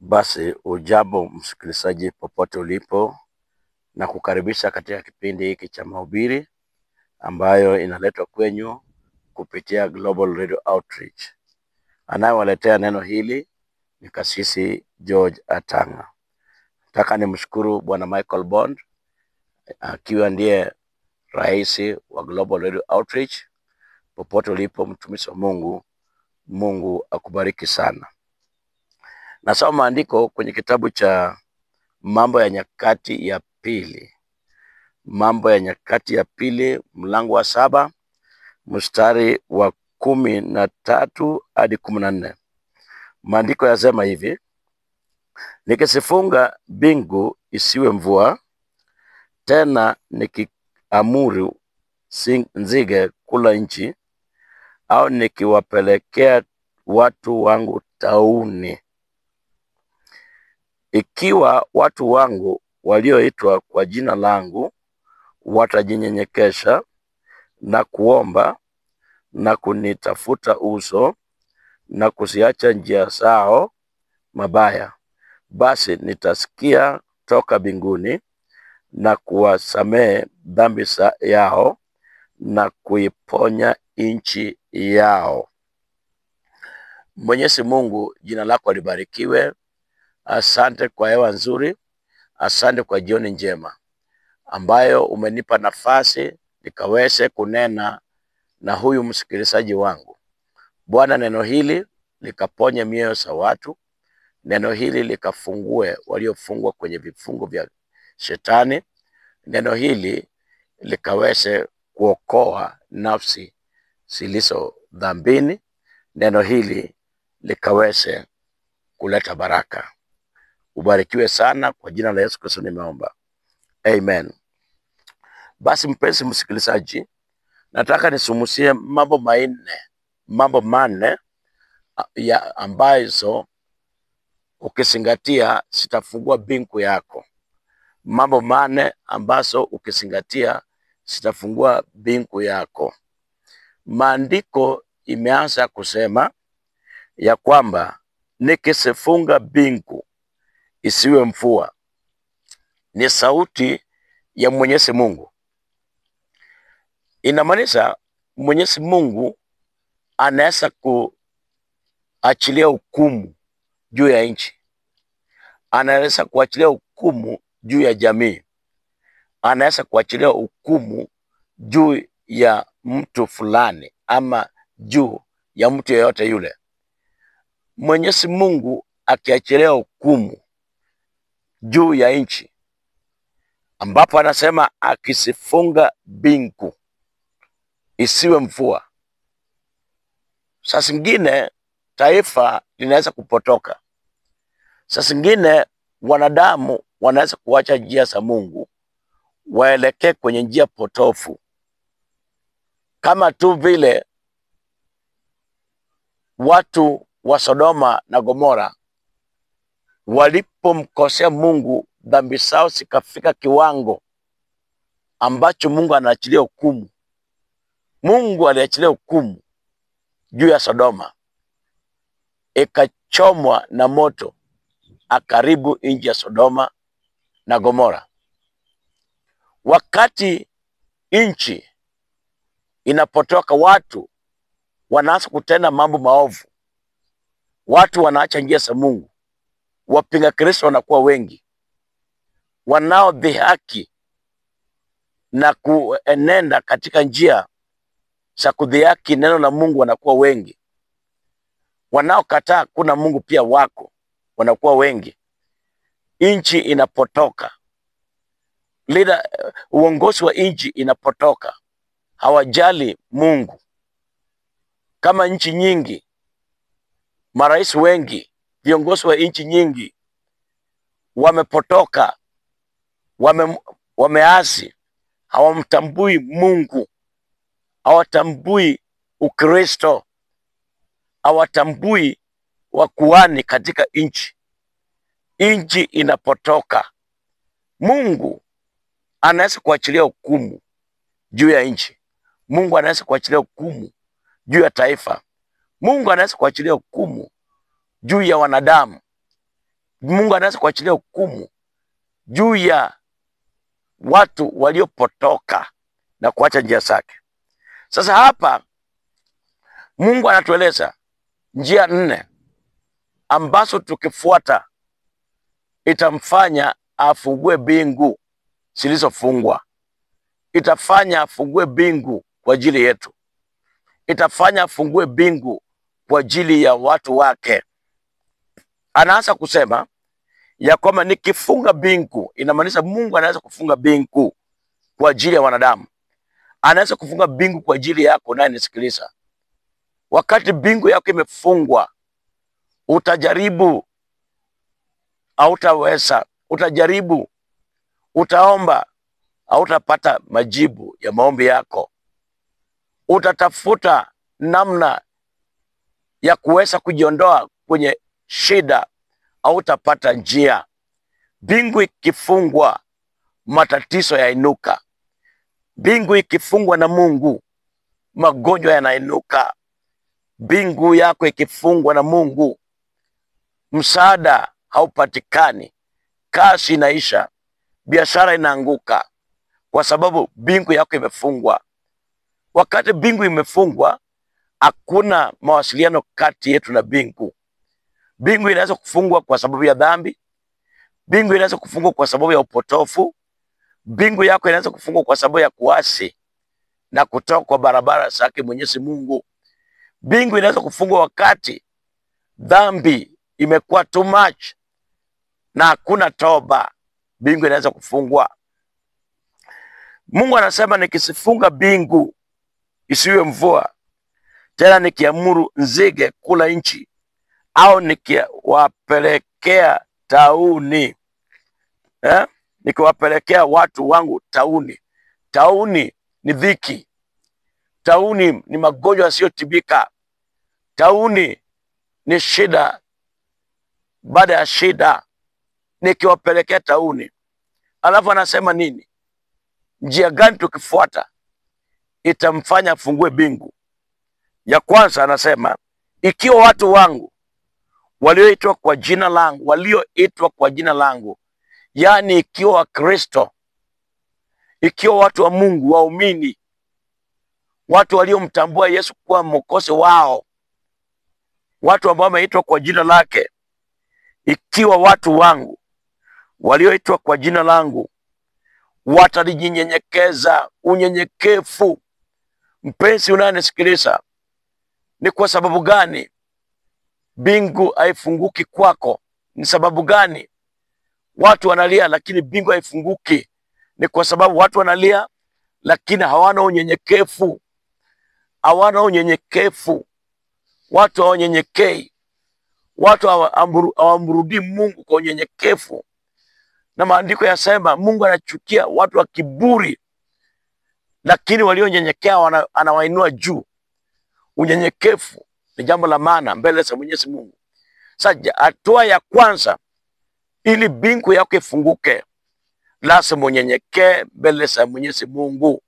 Basi ujambo msikilizaji, popote ulipo, na kukaribisha katika kipindi hiki cha mahubiri ambayo inaletwa kwenyu kupitia Global Radio Outreach. Anayewaletea neno hili ni Kasisi George Atanga. Nataka nimshukuru Bwana Michael Bond akiwa ndiye rais wa Global Radio Outreach. Popote ulipo mtumishi wa Mungu, Mungu akubariki sana. Nasoma maandiko kwenye kitabu cha Mambo ya Nyakati ya Pili, Mambo ya Nyakati ya Pili mlango wa saba mstari wa kumi na tatu hadi kumi na nne. Maandiko yasema hivi: nikisifunga bingu isiwe mvua tena, nikiamuru nzige kula nchi, au nikiwapelekea watu wangu tauni ikiwa watu wangu walioitwa kwa jina langu watajinyenyekesha na kuomba na kunitafuta uso na kuziacha njia zao mabaya, basi nitasikia toka mbinguni na kuwasamehe dhambi yao na kuiponya nchi yao. Mwenyezi Mungu, jina lako libarikiwe Asante kwa hewa nzuri, asante kwa jioni njema ambayo umenipa nafasi nikaweze kunena na huyu msikilizaji wangu. Bwana, neno hili likaponye mioyo za watu, neno hili likafungue waliofungwa kwenye vifungo vya shetani, neno hili likaweze kuokoa nafsi zilizo dhambini, neno hili likaweze kuleta baraka. Ubarikiwe sana kwa jina la Yesu Kristo nimeomba. Amen. Basi mpenzi msikilizaji, nataka nisumusie mambo manne, mambo manne ya ambazo ukisingatia sitafungua binku yako. Mambo manne ambazo ukisingatia sitafungua binku yako. Maandiko imeanza kusema ya kwamba nikisifunga binku isiwe mvua, ni sauti ya Mwenyezi Mungu. Inamaanisha Mwenyezi Mungu anaweza kuachilia hukumu juu ya nchi, anaweza kuachilia hukumu juu ya jamii, anaweza kuachilia hukumu juu ya mtu fulani ama juu ya mtu yeyote yule. Mwenyezi Mungu akiachilia hukumu juu ya nchi, ambapo anasema akisifunga bingu isiwe mvua. Saa zingine taifa linaweza kupotoka, saa zingine wanadamu wanaweza kuacha njia za Mungu waelekee kwenye njia potofu, kama tu vile watu wa Sodoma na Gomora walipomkosea Mungu, dhambi zao zikafika kiwango ambacho Mungu anaachilia hukumu. Mungu aliachilia hukumu juu ya Sodoma, ikachomwa na moto, akaribu nchi ya Sodoma na Gomora. Wakati nchi inapotoka, watu wanaanza kutenda mambo maovu, watu wanaacha njia za Mungu. Wapinga Kristo wanakuwa wengi, wanaodhihaki na kuenenda katika njia za kudhihaki neno la Mungu wanakuwa wengi, wanaokataa kuna Mungu pia wako wanakuwa wengi. Nchi inapotoka lida, uongozi wa nchi inapotoka, hawajali Mungu. Kama nchi nyingi, marais wengi viongozi wa nchi nyingi wamepotoka, wame, wameasi, hawamtambui Mungu, hawatambui Ukristo, hawatambui wakuani katika nchi. Nchi inapotoka. Mungu anaweza kuachilia hukumu juu ya nchi. Mungu anaweza kuachilia hukumu juu ya taifa. Mungu anaweza kuachilia hukumu juu ya wanadamu. Mungu anaweza kuachilia hukumu juu ya watu waliopotoka na kuacha njia zake. Sasa hapa Mungu anatueleza njia nne ambazo tukifuata itamfanya afungue bingu zilizofungwa, itafanya afungue bingu kwa ajili yetu, itafanya afungue bingu kwa ajili ya watu wake, anaanza kusema ya kwamba nikifunga bingu, inamaanisha Mungu anaweza kufunga bingu kwa ajili ya wanadamu, anaweza kufunga bingu kwa ajili yako, naye nisikiliza. Wakati bingu yako imefungwa, utajaribu, hautaweza. Utajaribu, utaomba, hautapata majibu ya maombi yako. Utatafuta namna ya kuweza kujiondoa kwenye shida hautapata njia. bingu ikifungwa, matatizo yainuka. bingu ikifungwa na Mungu, magonjwa yanainuka. bingu yako ikifungwa na Mungu, msaada haupatikani, kazi inaisha, biashara inaanguka, kwa sababu bingu yako imefungwa. Wakati bingu imefungwa, hakuna mawasiliano kati yetu na bingu bingu inaweza kufungwa kwa sababu ya dhambi. bingu inaweza kufungwa kwa sababu ya upotofu. bingu yako inaweza kufungwa kwa sababu ya kuasi na kutoka kwa barabara zake Mwenyezi Mungu. bingu inaweza kufungwa wakati dhambi imekuwa too much na hakuna toba. Bingu inaweza kufungwa. Mungu anasema nikisifunga bingu isiwe mvua tena, nikiamuru nzige kula nchi au nikiwapelekea tauni eh? nikiwapelekea watu wangu tauni. Tauni ni dhiki, tauni ni magonjwa yasiyotibika, tauni ni shida baada ya shida, nikiwapelekea tauni. Alafu anasema nini? Njia gani tukifuata itamfanya afungue bingu? Ya kwanza anasema, ikiwa watu wangu walioitwa kwa jina langu, walioitwa kwa jina langu, yaani ikiwa Wakristo, ikiwa watu wa Mungu, waumini, watu waliomtambua Yesu kuwa mwokozi wao, watu ambao wameitwa kwa jina lake, ikiwa watu wangu walioitwa kwa jina langu watalijinyenyekeza. Unyenyekevu, mpenzi unayenisikiliza, ni kwa sababu gani? Mbingu haifunguki kwako. Ni sababu gani? Watu wanalia lakini mbingu haifunguki. Ni kwa sababu watu wanalia lakini hawana unyenyekevu, hawana unyenyekevu. Watu hawanyenyekei, watu hawamrudii Mungu kwa unyenyekevu, na maandiko yasema Mungu anachukia watu wa kiburi, lakini walionyenyekea anawainua juu. Unyenyekevu ni jambo la maana mbele za Mwenyezi Mungu. Sasa hatua ya kwanza, ili bingu yako ifunguke, lazima unyenyekee mbele za Mwenyezi Mungu.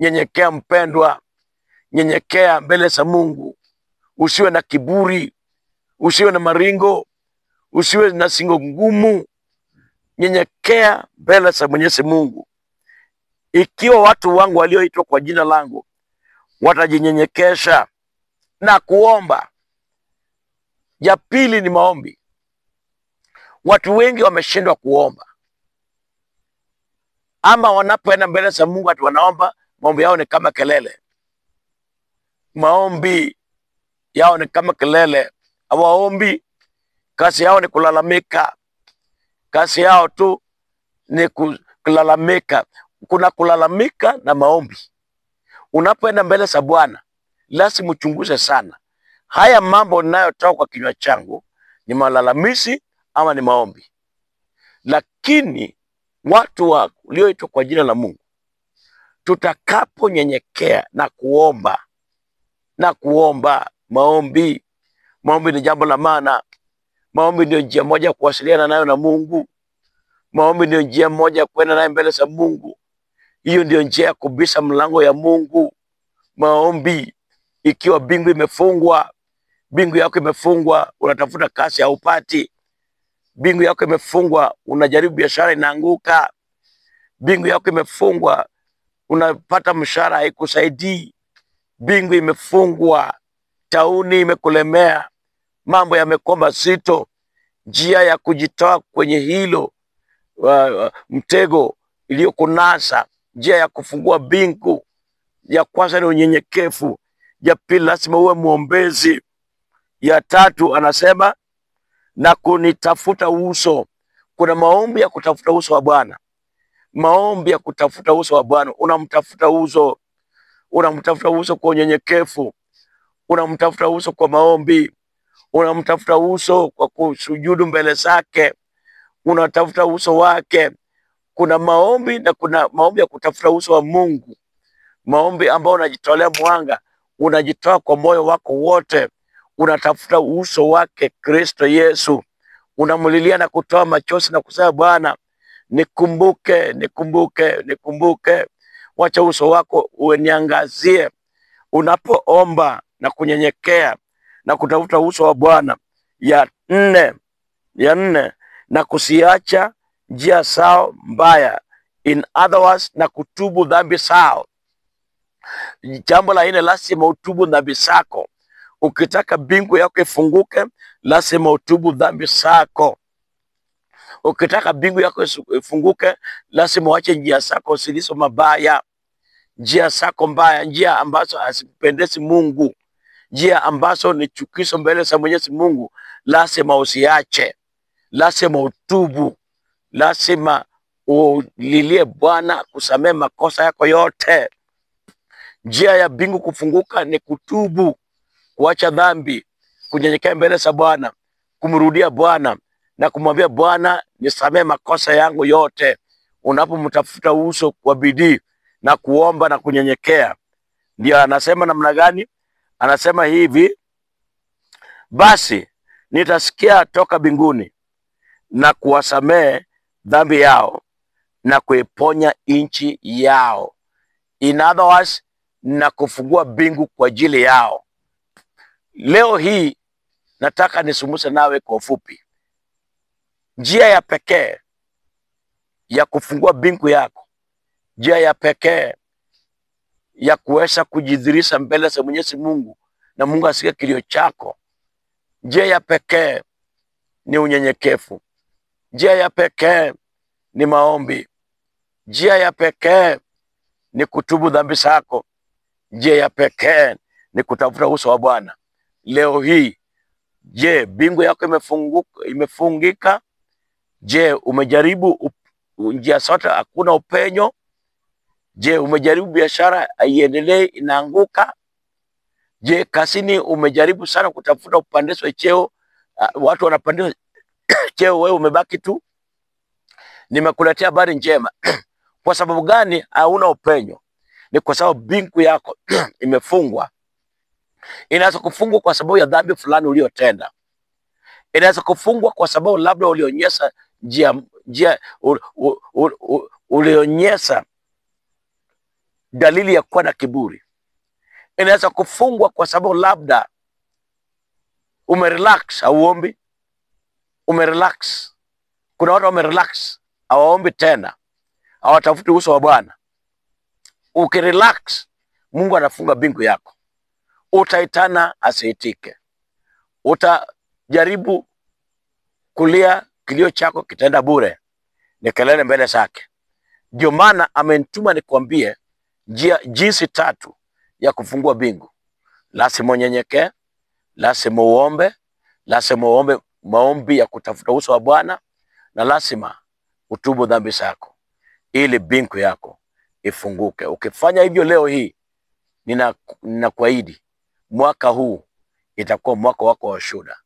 Nyenyekea mpendwa, nyenyekea mbele za Mungu, usiwe na kiburi, usiwe na maringo, usiwe na singo ngumu. Nyenyekea mbele za Mwenyezi Mungu. Ikiwa watu wangu walioitwa kwa jina langu watajinyenyekesha na kuomba. Ya pili ni maombi. Watu wengi wameshindwa kuomba, ama wanapoenda mbele za Mungu ati wanaomba, maombi yao ni kama kelele. Maombi yao ni kama kelele, hawaombi. Kazi yao ni kulalamika, kazi yao tu ni kulalamika. Kuna kulalamika na maombi. Unapoenda mbele za Bwana lazima mchunguze sana. Haya mambo ninayotoa kwa kinywa changu ni malalamishi ama ni maombi, lakini watu wako ulioitwa kwa jina la Mungu, tutakaponyenyekea na kuomba na kuomba maombi. Maombi ni jambo la maana. Maombi ndio njia moja ya kuwasiliana nayo na Mungu. Maombi ndio njia moja ya kwenda naye mbele za Mungu. Hiyo ndio njia ya kubisa mlango ya Mungu. Maombi ikiwa bingu imefungwa, bingu yako imefungwa, unatafuta kasi haupati. Bingu yako imefungwa, unajaribu biashara inaanguka. Bingu yako imefungwa, unapata mshahara haikusaidii. Bingu imefungwa, tauni imekulemea, mambo yamekuwa mazito. Njia ya kujitoa kwenye hilo uh, mtego iliyokunasa, njia ya kufungua bingu ya kwanza ni unyenyekevu. Ya pili, lazima uwe mwombezi. Ya tatu, anasema na kunitafuta uso. Kuna maombi ya kutafuta uso wa Bwana, maombi ya kutafuta uso wa Bwana. Unamtafuta uso, unamtafuta uso kwa unyenyekevu, unamtafuta uso kwa maombi, unamtafuta uso kwa kusujudu mbele zake, unatafuta uso wake. Kuna maombi na kuna maombi ya kutafuta uso wa Mungu, maombi ambayo unajitolea mwanga unajitoa kwa moyo wako wote, unatafuta uso wake Kristo Yesu, unamlilia na kutoa machozi na kusema, Bwana nikumbuke, nikumbuke, nikumbuke, wacha uso wako uweniangazie Unapoomba na kunyenyekea na kutafuta uso wa Bwana. Ya nne, ya nne, na kusiacha njia zao mbaya, in other words, na kutubu dhambi zao Jambo la nne, lazima utubu dhambi zako. Ukitaka bingu yako ifunguke, lazima utubu dhambi zako. Ukitaka bingu yako ifunguke, lazima uache njia zako zilizo mabaya, njia zako mbaya, njia ambazo hazipendezi Mungu, njia ambazo ni chukizo mbele za Mwenyezi Mungu, lazima usiache, lazima utubu, lazima ulilie Bwana kusamehe makosa yako yote. Njia ya mbingu kufunguka ni kutubu, kuacha dhambi, kunyenyekea mbele za Bwana, kumrudia Bwana na kumwambia Bwana, nisamehe makosa yangu yote, unapomtafuta uso kwa bidii na kuomba na kunyenyekea. Ndio anasema namna gani? Anasema hivi, basi nitasikia toka binguni na kuwasamee dhambi yao na kuiponya nchi yao. In other words, na kufungua mbingu kwa ajili yao. Leo hii nataka nisumuse nawe kwa ufupi njia ya pekee ya kufungua mbingu yako, njia ya pekee ya kuweza kujidhirisha mbele za Mwenyezi Mungu na Mungu asikie kilio chako. Njia ya pekee ni unyenyekevu, njia ya pekee ni maombi, njia ya pekee ni kutubu dhambi zako Je, ya pekee ni kutafuta uso wa Bwana leo hii. Je, bingu yako imefunguka, imefungika? Je, umejaribu njia zote, hakuna upenyo? Je, umejaribu biashara, haiendelei, inaanguka? Je, kazini umejaribu sana kutafuta kupandishwa cheo, ah, watu wanapandishwa cheo, wewe umebaki tu? Nimekuletea habari njema. Kwa sababu gani hauna upenyo? ni kwa sababu binku yako imefungwa. Inaweza kufungwa kwa sababu ya dhambi fulani uliyotenda. Inaweza kufungwa kwa sababu labda ulionyesha njia njia ulionyesha dalili ya kuwa na kiburi. Inaweza kufungwa kwa sababu labda umerelax, hauombi, umerelax. Kuna watu wamerelax, hawaombi tena, hawatafuti uso wa Bwana. Ukirelax, Mungu anafunga bingu yako. Utaitana asiitike, utajaribu kulia, kilio chako kitaenda bure, ni kelele mbele zake. Ndio maana amenituma nikwambie njia jinsi tatu ya kufungua bingu. Lazima unyenyekee, lazima uombe, lazima uombe maombi ya kutafuta uso wa Bwana na lazima utubu dhambi zako ili bingu yako ifunguke. Ukifanya hivyo leo hii, ninakuahidi nina mwaka huu itakuwa mwaka wako wa shuhuda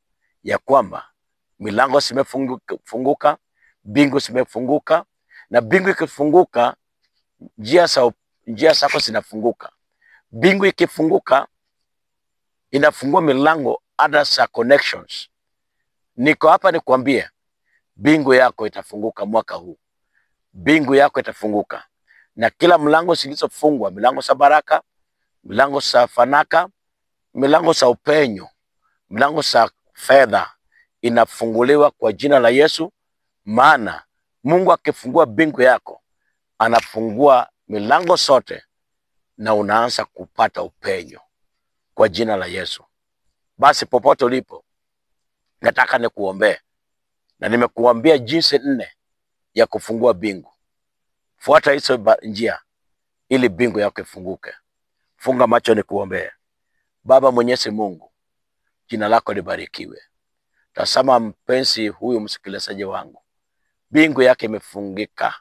ya kwamba milango zimefunguka, mbingu zimefunguka, na mbingu ikifunguka, njia sa njia zako zinafunguka. Mbingu ikifunguka, inafungua milango hata za connections. Niko hapa nikwambie, mbingu yako itafunguka mwaka huu, mbingu yako itafunguka na kila mlango zilizofungwa, milango za baraka, milango za fanaka, milango za upenyo, milango za fedha inafunguliwa kwa jina la Yesu, maana Mungu akifungua bingu yako anafungua milango sote na unaanza kupata upenyo kwa jina la Yesu. Basi popote ulipo, nataka nikuombee, na nimekuambia jinsi nne ya kufungua bingu. Fuata hizo njia ili bingu yako ifunguke. Funga macho ni nikuombee. Baba Mwenyezi Mungu, jina lako libarikiwe. Tazama mpenzi huyu msikilizaji wangu, bingu yake imefungika,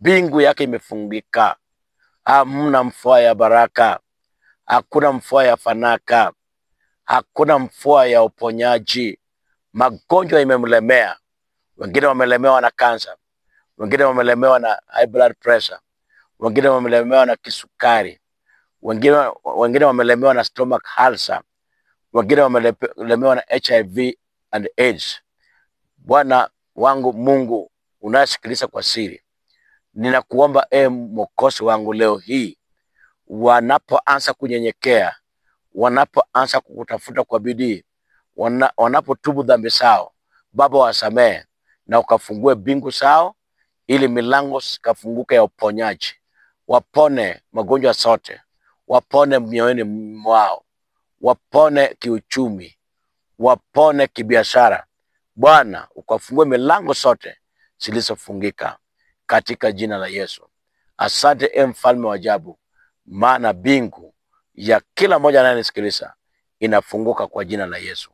bingu yake imefungika. Hamna mvua ya baraka, hakuna mvua ya fanaka, hakuna mvua ya uponyaji. Magonjwa imemlemea, wengine wamelemewa na kansa, wengine wamelemewa na high blood pressure, wengine wamelemewa na kisukari, wengine wengine wamelemewa na stomach ulcer, wengine wamelemewa na HIV and AIDS. Bwana wangu Mungu unayesikiliza kwa siri, ninakuomba e Mwokozi wangu leo hii, wanapoanza kunyenyekea, wanapoanza kukutafuta kwa bidii, wanapotubu dhambi zao, Baba wasamehe na ukafungue bingu zao ili milango zikafunguka ya uponyaji, wapone magonjwa sote, wapone mioyoni mwao, wapone kiuchumi, wapone kibiashara. Bwana, ukafungue milango sote zilizofungika katika jina la Yesu. Asante e mfalme wa ajabu, maana bingu ya kila mmoja anayenisikiliza inafunguka kwa jina la Yesu.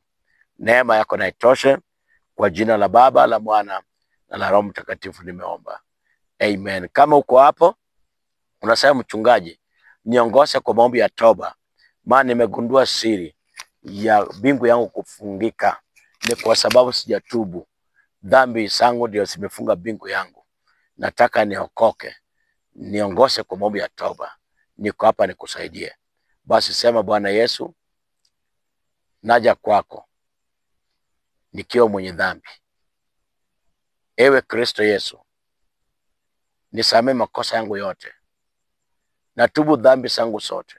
Neema yako naitoshe kwa jina la Baba, la Mwana na Roho Mtakatifu nimeomba. Amen. Kama uko hapo unasema mchungaji, niongoze kwa maombi ya toba, maana nimegundua siri ya mbingu yangu kufungika ni kwa sababu sijatubu. Dhambi zangu ndio zimefunga mbingu yangu, nataka niokoke, niongoze kwa maombi ya toba, niko hapa nikusaidie. Basi sema, Bwana Yesu, naja kwako nikiwa mwenye dhambi Ewe Kristo Yesu, nisamee makosa yangu yote, natubu dhambi zangu zote.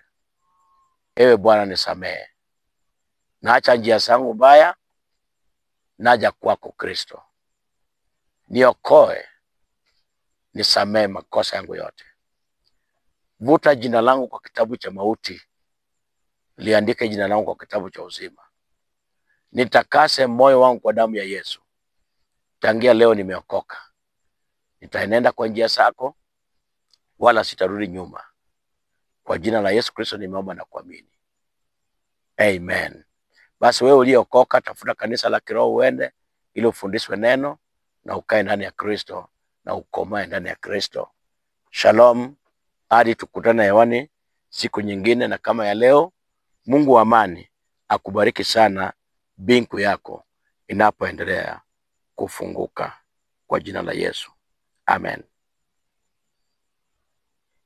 Ewe Bwana nisamee naacha njia zangu mbaya, naja kwako Kristo, niokoe, nisamee makosa yangu yote. Vuta jina langu kwa kitabu cha mauti, liandike jina langu kwa kitabu cha uzima. Nitakase moyo wangu kwa damu ya Yesu tangia leo nimeokoka, nitaenenda kwa njia zako, wala sitarudi nyuma. Kwa jina la Yesu Kristo nimeomba na kuamini, amen. Basi wewe uliokoka, tafuta kanisa la kiroho uende, ili ufundishwe neno na ukae ndani ya Kristo na ukomae ndani ya Kristo. Shalom, hadi tukutane hewani siku nyingine na kama ya leo. Mungu wa amani akubariki sana binku yako inapoendelea kufunguka kwa jina la Yesu, amen.